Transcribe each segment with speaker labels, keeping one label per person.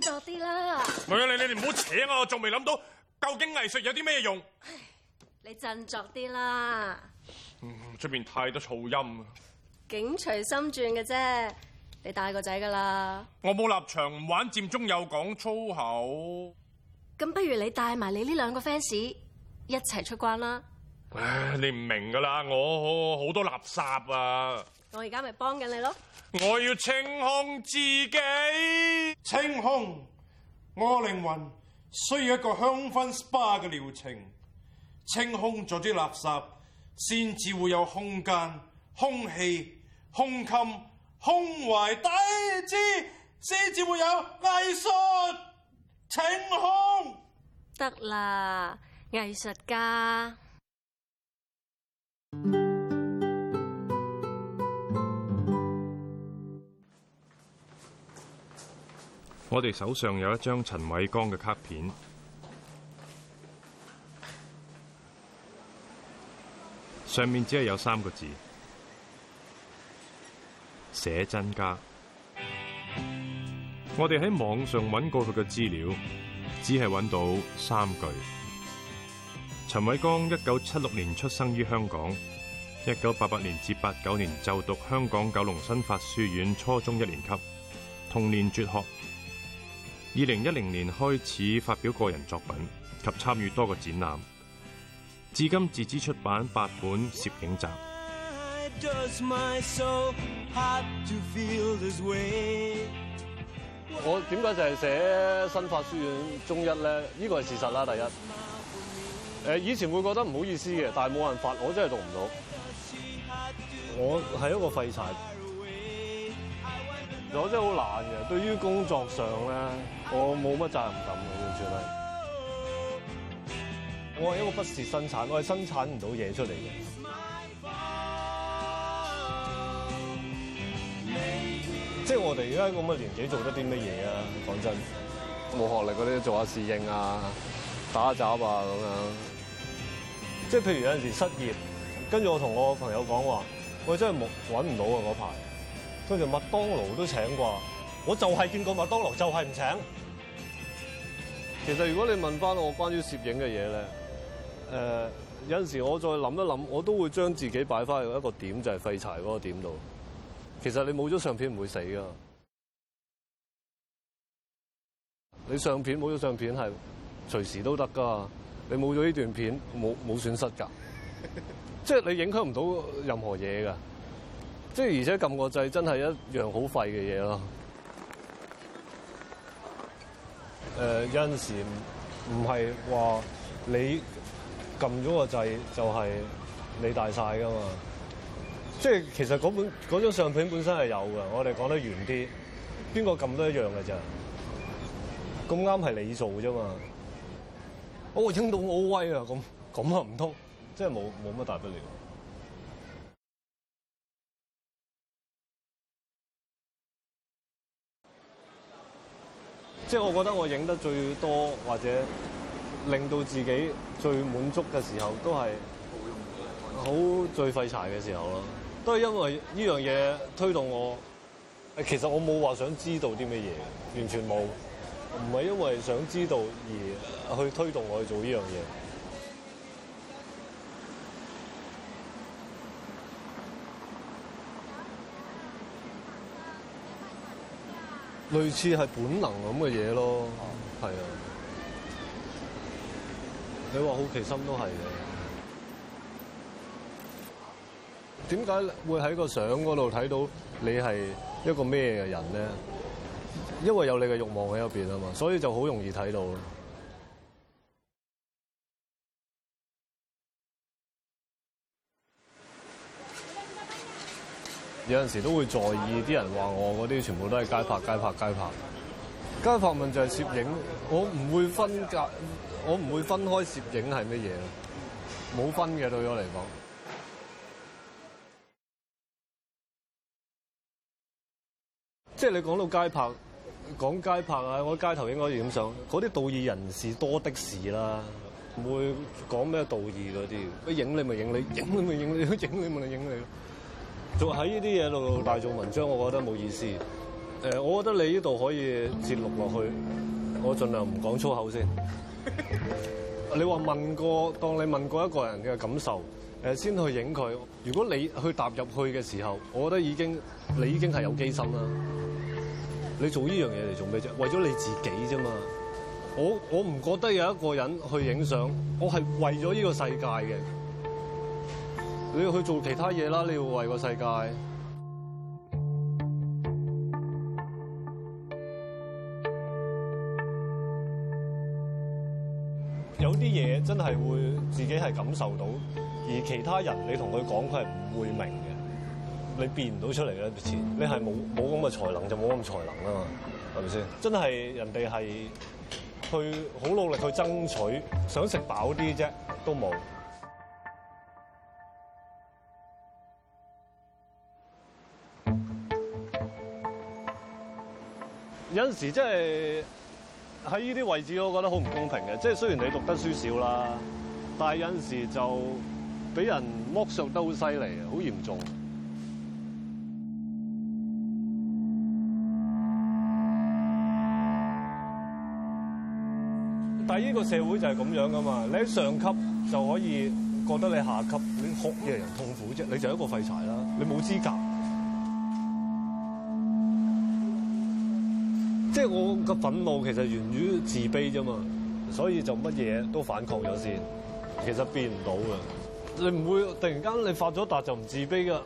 Speaker 1: 振作啲啦！
Speaker 2: 唔、哎，你你哋唔好扯、啊、我，仲未諗到究竟藝術有啲咩用？
Speaker 1: 你振作啲啦！
Speaker 2: 出邊、嗯、太多噪音啊！
Speaker 1: 境隨心轉嘅啫，你大個仔噶啦！
Speaker 2: 我冇立場玩，玩佔中有講粗口。
Speaker 1: 咁不如你帶埋你呢兩個 fans 一齊出關啦！
Speaker 2: 唉，你唔明噶啦，我好，好，好多垃圾啊！
Speaker 1: 我而家咪幫緊你
Speaker 2: 咯！我要清空自己，清空我靈魂，需要一個香薰 SPA 嘅療程，清空咗啲垃圾，先至會有空間、空氣、胸襟、胸懷大
Speaker 1: 志，先至會有藝術。清空得啦，藝術家。
Speaker 3: 我哋手上有一張陳偉江嘅卡片，上面只係有三個字，寫真家。我哋喺網上揾過佢嘅資料，只係揾到三句。陳偉江一九七六年出生於香港，一九八八年至八九年就讀香港九龍新法書院初中一年級，同年輟學。二零一零年開始發表個人作品及參與多個展覽，至今自資出版八本攝影集。
Speaker 4: Well,
Speaker 5: 我點解就係寫新法書院中一咧？呢個係事實啦。第一，誒以前會覺得唔好意思嘅，但係冇辦法，我真係讀唔
Speaker 1: 到。
Speaker 5: 我係一個廢柴。其實我真係好懶嘅，對於工作上咧，我冇乜責任感嘅，完全係。我係一個不事生產，我係生產唔到嘢出嚟嘅。即係我哋而家咁嘅年紀，做得啲乜嘢啊？講真，冇學歷嗰啲做下侍應啊，打一下雜啊咁樣。即係譬如有陣時失業，跟住我同我朋友講話，我真係冇揾唔到啊嗰排。通常麥當勞都請啩，我就係見過麥當勞就係唔請。其實如果你問翻我關於攝影嘅嘢咧，誒、呃、有陣時我再諗一諗，我都會將自己擺翻去一個點，就係廢柴嗰個點度。其實你冇咗相片唔會死噶，你相片冇咗相片係隨時都得噶，你冇咗呢段片冇冇損失㗎， 即係你影響唔到任何嘢㗎。即係而且撳個掣真係一樣好廢嘅嘢咯。誒、呃、有陣時唔係話你撳咗個掣就係你大晒噶嘛。即係其實嗰本嗰張相片本身係有㗎，我哋講得遠啲，邊個撳都一樣㗎咋？咁啱係你做啫嘛。我哦，聽到我威啊，咁咁啊唔通？即係冇冇乜大不了。即係我覺得我影得最多或者令到自己最滿足嘅時候，都係好最廢柴嘅時候咯。都係因為呢樣嘢推動我。其實我冇話想知道啲乜嘢，完全冇。唔係因為想知道而去推動我去做呢樣嘢。類似係本能咁嘅嘢咯，係啊，你話好奇心都係嘅。點解會喺個相嗰度睇到你係一個咩嘅人咧？因為有你嘅欲望喺入邊啊嘛，所以就好容易睇到。有陣時都會在意啲人話我嗰啲全部都係街拍街拍街拍。街拍問就係攝影，我唔會分隔，我唔會分開攝影係乜嘢，冇分嘅，對我嚟講。 即係你講到街拍，講街拍啊，我街頭應該點上？嗰啲道義人士多的士啦、啊，唔會講咩道義嗰啲，佢影你咪影你，影你咪影你，影你咪影你。做喺呢啲嘢度大做文章，我覺得冇意思。誒、呃，我覺得你呢度可以節錄落去。我盡量唔講粗口先。 你話問過，當你問過一個人嘅感受，誒、呃、先去影佢。如果你去踏入去嘅時候，我覺得已經，你已經係有機心啦。你做呢樣嘢嚟做咩啫？為咗你自己啫嘛。我我唔覺得有一個人去影相，我係為咗呢個世界嘅。你要去做其他嘢啦，你要為個世界。有啲嘢真係會自己係感受到，而其他人你同佢講，佢係唔會明嘅。你變唔到出嚟嘅錢，你係冇冇咁嘅才能就冇咁嘅才能啊嘛，係咪先？真係人哋係去好努力去爭取，想食飽啲啫，都冇。有陣時真係喺呢啲位置，我覺得好唔公平嘅。即係雖然你讀得書少啦，但係有陣時就俾人剝削得好犀利，好嚴重。但係呢個社會就係咁樣㗎嘛。你喺上級就可以覺得你下級啲哭嘅人痛苦啫，你就一個廢柴啦，你冇資格。即係我個憤怒其實源於自卑啫嘛，所以就乜嘢都反抗咗先。其實變唔到㗎，你唔會突然間你發咗達就唔自卑噶。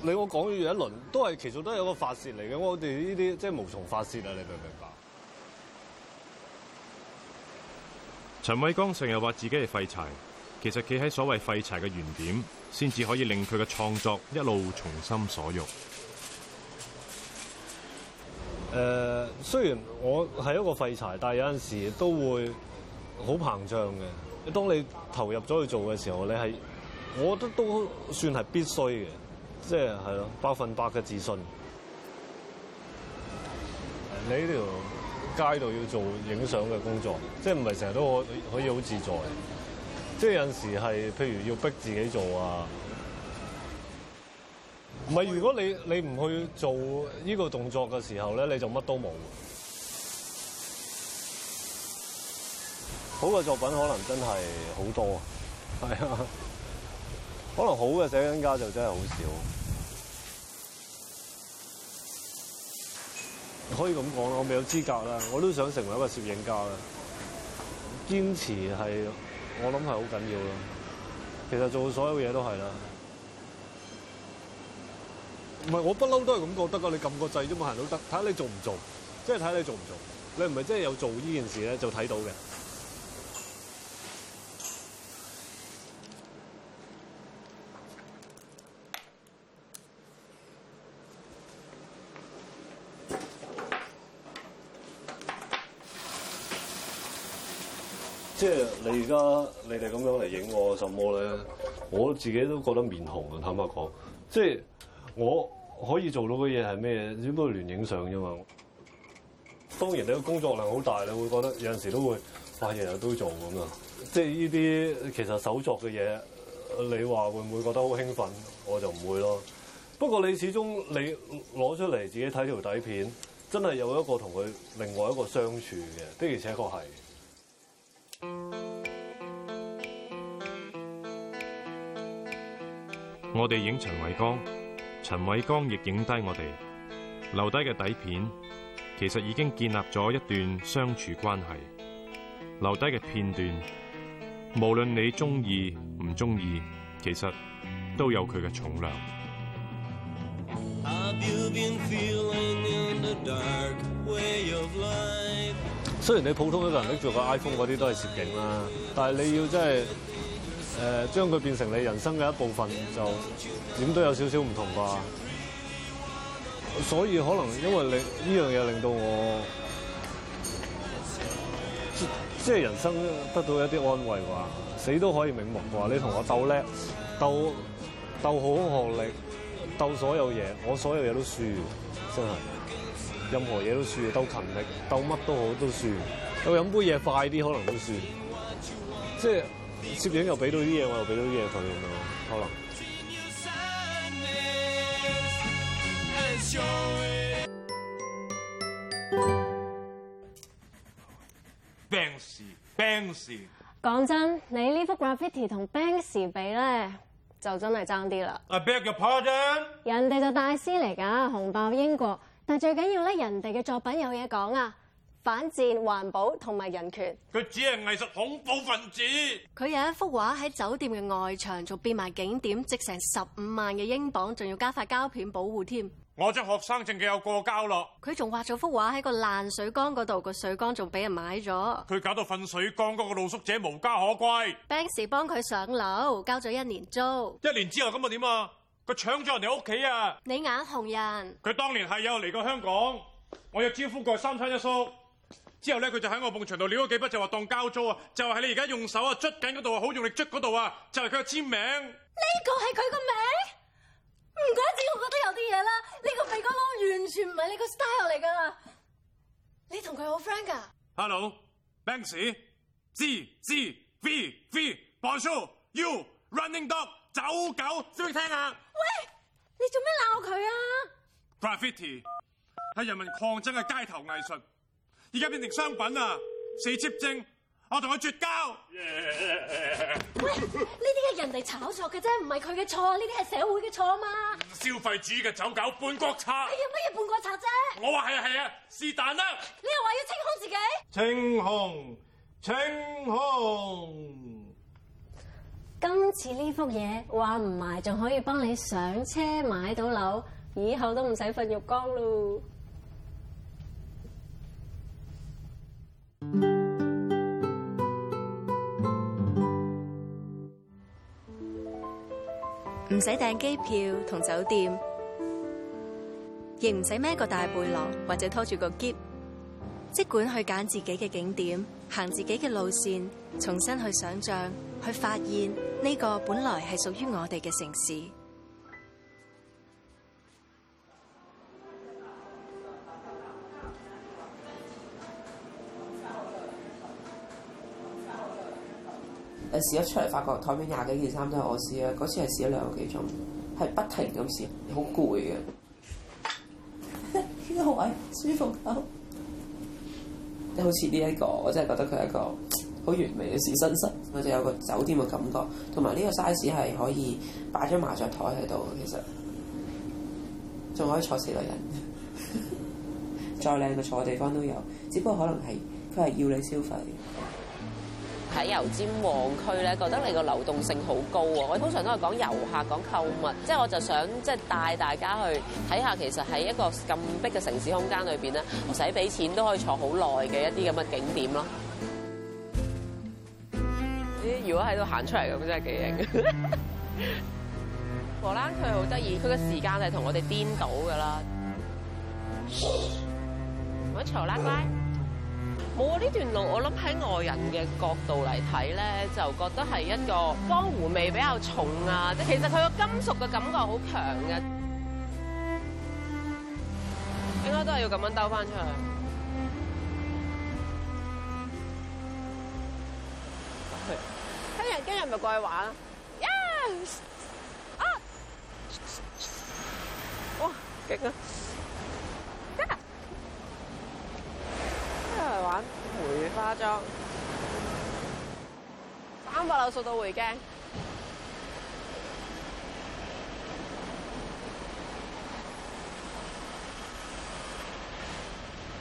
Speaker 5: 你我講完一輪，都係其實都係有個發泄嚟嘅。我哋呢啲即係無從發泄啊！你明唔明白？
Speaker 3: 陳偉江成日話自己係廢柴，其實企喺所謂廢柴嘅原點，先至可以令佢嘅創作一路從心所欲。
Speaker 5: 誒、uh, 雖然我係一個廢柴，但係有陣時都會好膨脹嘅。當你投入咗去做嘅時候，你係我覺得都算係必須嘅，即係係咯百分百嘅自信。你呢條街度要做影相嘅工作，即係唔係成日都可以可以好自在？即係有陣時係譬如要逼自己做啊。唔係，如果你你唔去做呢個動作嘅時候咧，你就乜都冇。好嘅作品可能真係好多，係啊，可能好嘅攝影家就真係好少。可以咁講啦，我未有資格啦，我都想成為一個攝影家啦。堅持係，我諗係好緊要咯。其實做所有嘢都係啦。唔係，我不嬲都係咁覺得㗎。你撳個掣都冇行到得，睇下你做唔做，即係睇下你做唔做。你唔係即係有做呢件事咧，就睇到嘅。即係你而家你哋咁樣嚟影我什麼咧？我自己都覺得面紅啊！坦白講，即係。我可以做到嘅嘢係咩？只不過亂影相啫嘛。當然你個工作量好大，你會覺得有陣時都會，哇！日日都做咁啊。即係呢啲其實手作嘅嘢，你話會唔會覺得好興奮？我就唔會咯。不過你始終你攞出嚟自己睇條底片，真係有一個同佢另外一個相處嘅，的而且確係。
Speaker 3: 我哋影陳偉江。陳偉江亦影低我哋留低嘅底片，其實已經建立咗一段相處關係。留低嘅片段，無論你中意唔中意，其實都有佢嘅重量。
Speaker 5: 雖然你普通一個人拎住個 iPhone 嗰啲都係攝影啦，但係你要真係。誒、呃、將佢變成你人生嘅一部分就，就點都有少少唔同啩。所以可能因為你呢樣嘢令到我，即係人生得到一啲安慰話。死都可以瞑目啩。你同我鬥叻，鬥鬥好學歷，鬥所有嘢，我所有嘢都輸，真係。任何嘢都輸，鬥勤力，鬥乜都好都輸。鬥飲杯嘢快啲，可能都輸。即係。攝影又俾到啲嘢，我又俾到啲嘢佢咯，可能。
Speaker 2: Banksy，Banksy，
Speaker 1: 講真，你幅呢幅 graffiti 同 Banksy 比咧，就真係爭啲啦。
Speaker 2: I beg your pardon？
Speaker 1: 人哋就大師嚟噶，紅爆英國，但係最緊要咧，人哋嘅作品有嘢講啊！反戰、環保同埋人權，
Speaker 2: 佢只係藝術恐怖分子。
Speaker 1: 佢有一幅畫喺酒店嘅外牆，仲變埋景點，值成十五萬嘅英鎊，仲要加塊膠片保護添。
Speaker 2: 我張學生證嘅有過膠咯。
Speaker 1: 佢仲畫咗幅畫喺個爛水缸嗰度，個水缸仲俾人買咗。
Speaker 2: 佢搞到份水缸嗰個露宿者無家可歸。
Speaker 1: Banksy 幫佢上樓，交咗一年租。
Speaker 2: 一年之後咁啊點啊？佢搶咗人哋屋企啊！
Speaker 1: 你眼紅人。
Speaker 2: 佢當年係有嚟過香港，我又招呼過三餐一宿。之後咧，佢就喺我埲牆度撩咗幾筆，就話當交租啊！就係你而家用手啊捽緊嗰度啊，好用力捽嗰度啊，就係佢嘅簽名。
Speaker 1: 呢個係佢個名？唔怪之，我覺得有啲嘢啦。呢個鼻哥窿完全唔係你個 style 嚟噶。你同佢好 friend 噶
Speaker 2: ？Hello, Banksy, Z Z V V, Bonsu, U, Running Dog, 走狗，識唔識聽啊？喂，
Speaker 1: 你做咩鬧佢啊
Speaker 2: ？Graffiti 係人民抗爭嘅街頭藝術。而家變成商品啊！四妾正，正，我同佢絕交。
Speaker 1: Yeah. 喂，呢啲係人哋炒作嘅啫，唔係佢嘅錯，呢啲係社會嘅錯啊嘛。
Speaker 2: 消費主義嘅走狗，半國賊。你
Speaker 1: 有乜嘢半國賊啫？我
Speaker 2: 話係啊係啊，是但啦。
Speaker 1: 你又話要清空自己？
Speaker 2: 清空，清空。
Speaker 1: 今次呢幅嘢話唔埋，仲可以幫你上車買到樓，以後都唔使瞓浴缸咯。唔使訂機票同酒店，亦唔使孭個大背囊或者拖住個篋，即管去揀自己嘅景點，行自己嘅路線，重新去想象，去發現呢個本來係屬於我哋嘅城市。
Speaker 4: 試咗出嚟，發覺台面廿幾件衫都係我試啊！嗰次係試咗兩個幾鐘，係不停咁試，好攰嘅。呢個位舒服，你 好似呢一個，我真係覺得佢係一個好完美嘅試身室，佢仲有個酒店嘅感覺，同埋呢個 size 係可以擺張麻雀台喺度，其實仲可以坐四個人， 再靚嘅坐嘅地方都有，只不過可能係佢係要你消費。喺油尖旺區咧，覺得你個流動性好高喎！我通常都係講遊客講購物，即係我就想即係帶大家去睇下，其實喺一個咁逼嘅城市空間裏邊咧，唔使俾錢都可以坐好耐嘅一啲咁嘅景點咯。咦， 如果喺度行出嚟咁真係幾型。 荷蘭佢好得意，佢嘅時間係同我哋顛倒㗎啦。唔好嘈啦，乖。我呢段路，我諗喺外人嘅角度嚟睇咧，就覺得係一個江湖味比較重啊！即係其實佢個金屬嘅感覺好強嘅，應該都係要咁樣兜翻出去。聽日今日咪過去玩啦！Yes，啊，哇，勁呀？化妝，三百六十度回驚，呢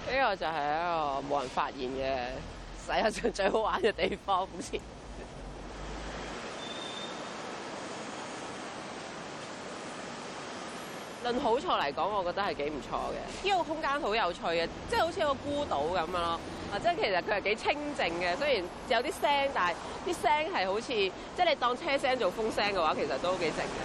Speaker 4: 個就係一個冇人發現嘅世界上最好玩嘅地方，好似。論好坐嚟講，我覺得係幾唔錯嘅。呢個空間好有趣嘅，即係好似個孤島咁樣咯。或者其實佢係幾清靜嘅，雖然有啲聲，但係啲聲係好似即係你當車聲做風聲嘅話，其實都幾靜嘅。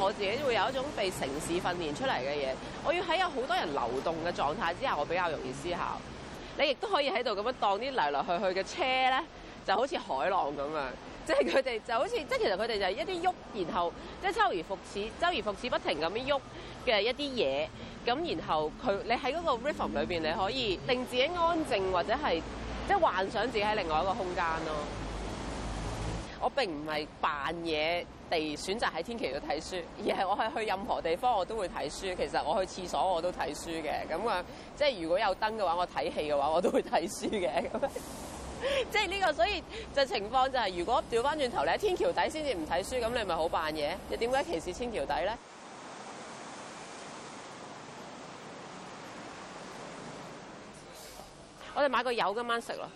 Speaker 4: 我自己會有一種被城市訓練出嚟嘅嘢，我要喺有好多人流動嘅狀態之下，我比較容易思考。你亦都可以喺度咁樣當啲嚟嚟去去嘅車咧，就好似海浪咁樣。即係佢哋就好似，即係其實佢哋就係一啲喐，然後即係週而復始，周而復始不停咁樣喐嘅一啲嘢。咁然後佢，你喺嗰個 rhythm 裏邊，你可以令自己安靜，或者係即係幻想自己喺另外一個空間咯。 我並唔係扮嘢地選擇喺天橋度睇書，而係我係去任何地方我都會睇書。其實我去廁所我都睇書嘅。咁啊，即係如果有燈嘅話，我睇戲嘅話，我都會睇書嘅。即係呢個，所以情況就情況就係，如果調翻轉頭咧，你天橋底先至唔睇書，咁你咪好扮嘢？你點解歧視天橋底咧 我哋買個油今晚食咯。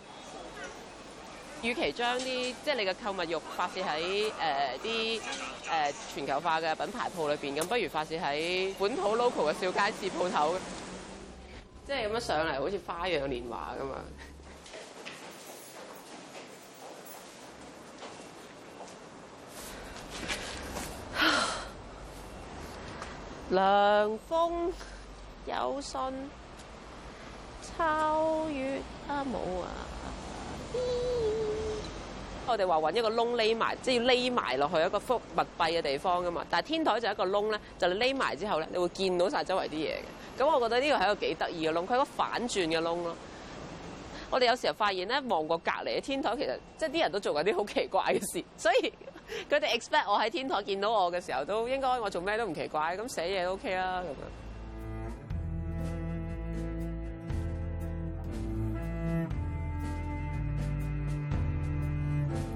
Speaker 4: 與 其將啲即係你嘅購物慾發洩喺誒啲誒全球化嘅品牌鋪裏邊，咁不如發洩喺本土 local 嘅小街市鋪頭， 即係咁樣上嚟，好似花樣年華噶嘛。涼風有信，秋雨啊冇啊！啊嗯、我哋話搵一個窿匿埋，即係匿埋落去一個密封密閉嘅地方啊嘛。但係天台就係一個窿咧，就匿埋之後咧，你會見到晒周圍啲嘢嘅。咁我覺得呢個係一個幾得意嘅窿，佢係一個反轉嘅窿咯。我哋有時候發現咧，望過隔籬嘅天台，其實即係啲人都做緊啲好奇怪嘅事，所以。佢哋 expect 我喺天台見到我嘅時候，都應該我做咩都唔奇怪。咁寫嘢都 OK 啦。咁樣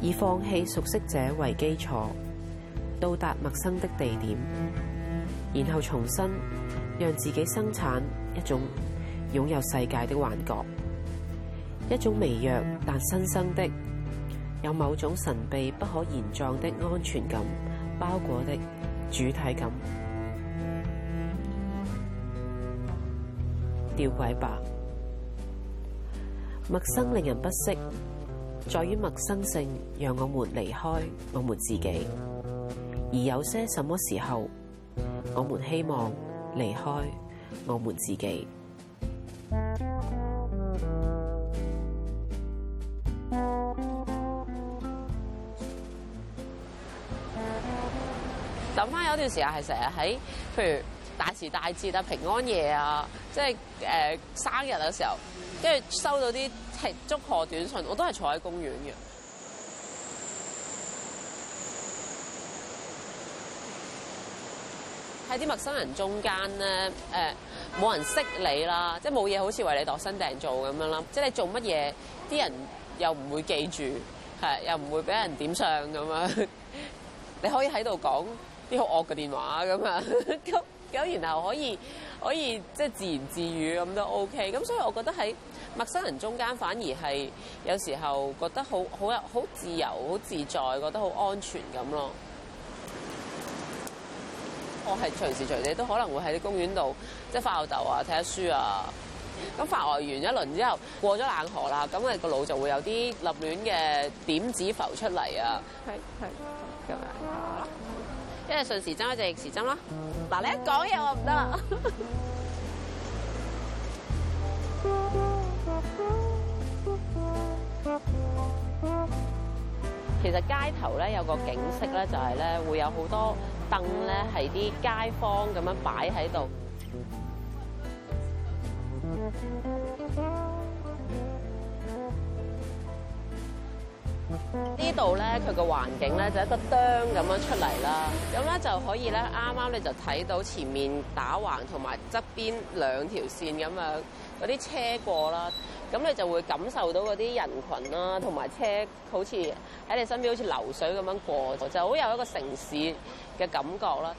Speaker 4: 以放棄熟悉者為基礎，到達陌生的地點，然後重新讓自己生產一種擁有世界的幻覺，一種微弱但新生的。有某種神秘、不可言狀的安全感，包裹的主體感。吊詭吧，陌生令人不適，在於陌生性讓我們離開我們自己，而有些什麼時候，我們希望離開我們自己。諗翻有段時間係成日喺，譬如大時大節啊、平安夜啊，即係誒、呃、生日嘅時候，跟住收到啲祝賀短信，我都係坐喺公園嘅。喺啲 陌生人中間咧，誒、呃、冇人識你啦，即係冇嘢好似為你度身訂做咁樣啦。即係你做乜嘢，啲人又唔會記住，係又唔會俾人點上咁樣。 你可以喺度講。啲好惡嘅電話咁啊，咁 咁然後可以可以即係自言自語咁都 OK，咁所以我覺得喺陌生人中間反而係有時候覺得好好有好自由、好自在，覺得好安全咁咯。我係隨時隨地都可能會喺啲公園度，即係發吽豆啊、睇下書啊。咁發完、呃、一輪之後，過咗冷河啦，咁、那、誒個腦就會有啲立亂嘅點子浮出嚟啊。係係咁樣。即係順時針，就逆時針咯。嗱，你一講嘢我唔得喇。其實街頭咧有個景色咧，就係咧會有好多燈咧，係啲街坊咁樣擺喺度。呢度咧，佢個環境咧就一個釘咁樣出嚟啦，咁咧就可以咧啱啱你就睇到前面打橫同埋側邊兩條線咁樣嗰啲車過啦，咁你就會感受到嗰啲人群啦，同埋車好似喺你身邊好似流水咁樣過，就好有一個城市嘅感覺啦。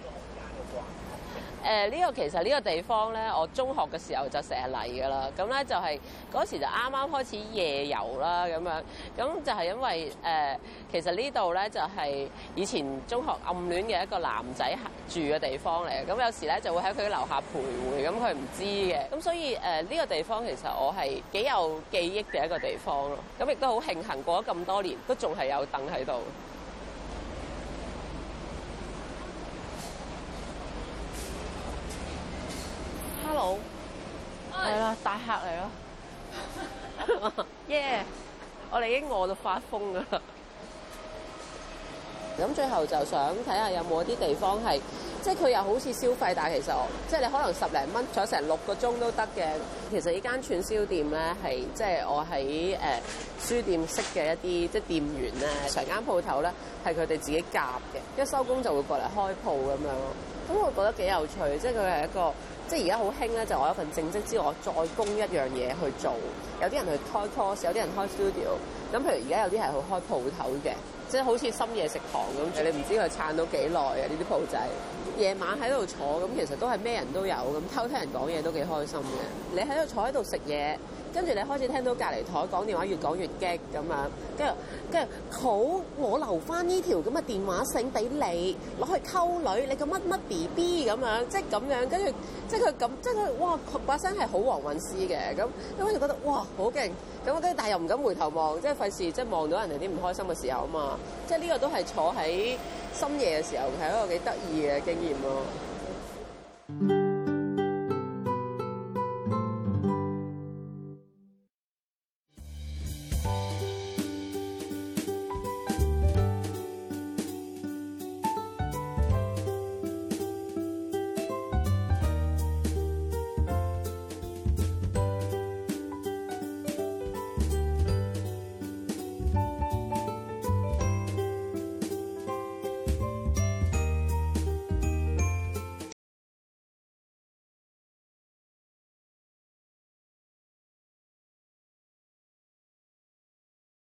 Speaker 4: 誒呢個其實呢個地方咧，我中學嘅時候就成日嚟㗎啦。咁咧就係、是、嗰時就啱啱開始夜遊啦，咁樣咁就係因為誒、呃，其實呢度咧就係以前中學暗戀嘅一個男仔住嘅地方嚟嘅。咁有時咧就會喺佢樓下徘徊，咁佢唔知嘅。咁所以誒呢、呃呢個地方其實我係幾有記憶嘅一個地方咯。咁亦都好慶幸過咗咁多年，都仲係有凳喺度。hello 係啦，大客嚟
Speaker 1: 咯
Speaker 4: 耶！ yeah, 我哋已經餓到發瘋啦。咁最後就想睇下有冇一啲地方係，即係佢又好似消費，但係其實即係、就是、你可能十零蚊坐成六個鐘都得嘅。其實呢間串燒店咧係，即係、就是、我喺誒、呃、書店識嘅一啲即係店員咧，成間鋪頭咧係佢哋自己夾嘅，一收工就會過嚟開鋪咁樣。咁我覺得幾有趣，即係佢係一個，即係而家好興咧，就我一份正職之外，我再供一樣嘢去做。有啲人去開 course，有啲人開 studio。咁譬如而家有啲係去開鋪頭嘅，即係好似深夜食堂咁，你唔知佢撐到幾耐啊？呢啲鋪仔夜晚喺度坐咁，其實都係咩人都有咁，偷聽人講嘢都幾開心嘅。你喺度坐喺度食嘢。跟住你開始聽到隔離枱講電話越講越激咁樣，跟住跟住好，我留翻呢條咁嘅電話線俾你，攞去溝女，你個乜乜 B B 咁樣，即係咁樣，跟住即係佢咁，即係佢哇把聲係好黃韻詩嘅，咁咁我就覺得哇好勁，咁跟住但係又唔敢回頭望，即係費事即係望到人哋啲唔開心嘅時候啊嘛，即係呢個都係坐喺深夜嘅時候，係一個幾得意嘅經驗咯。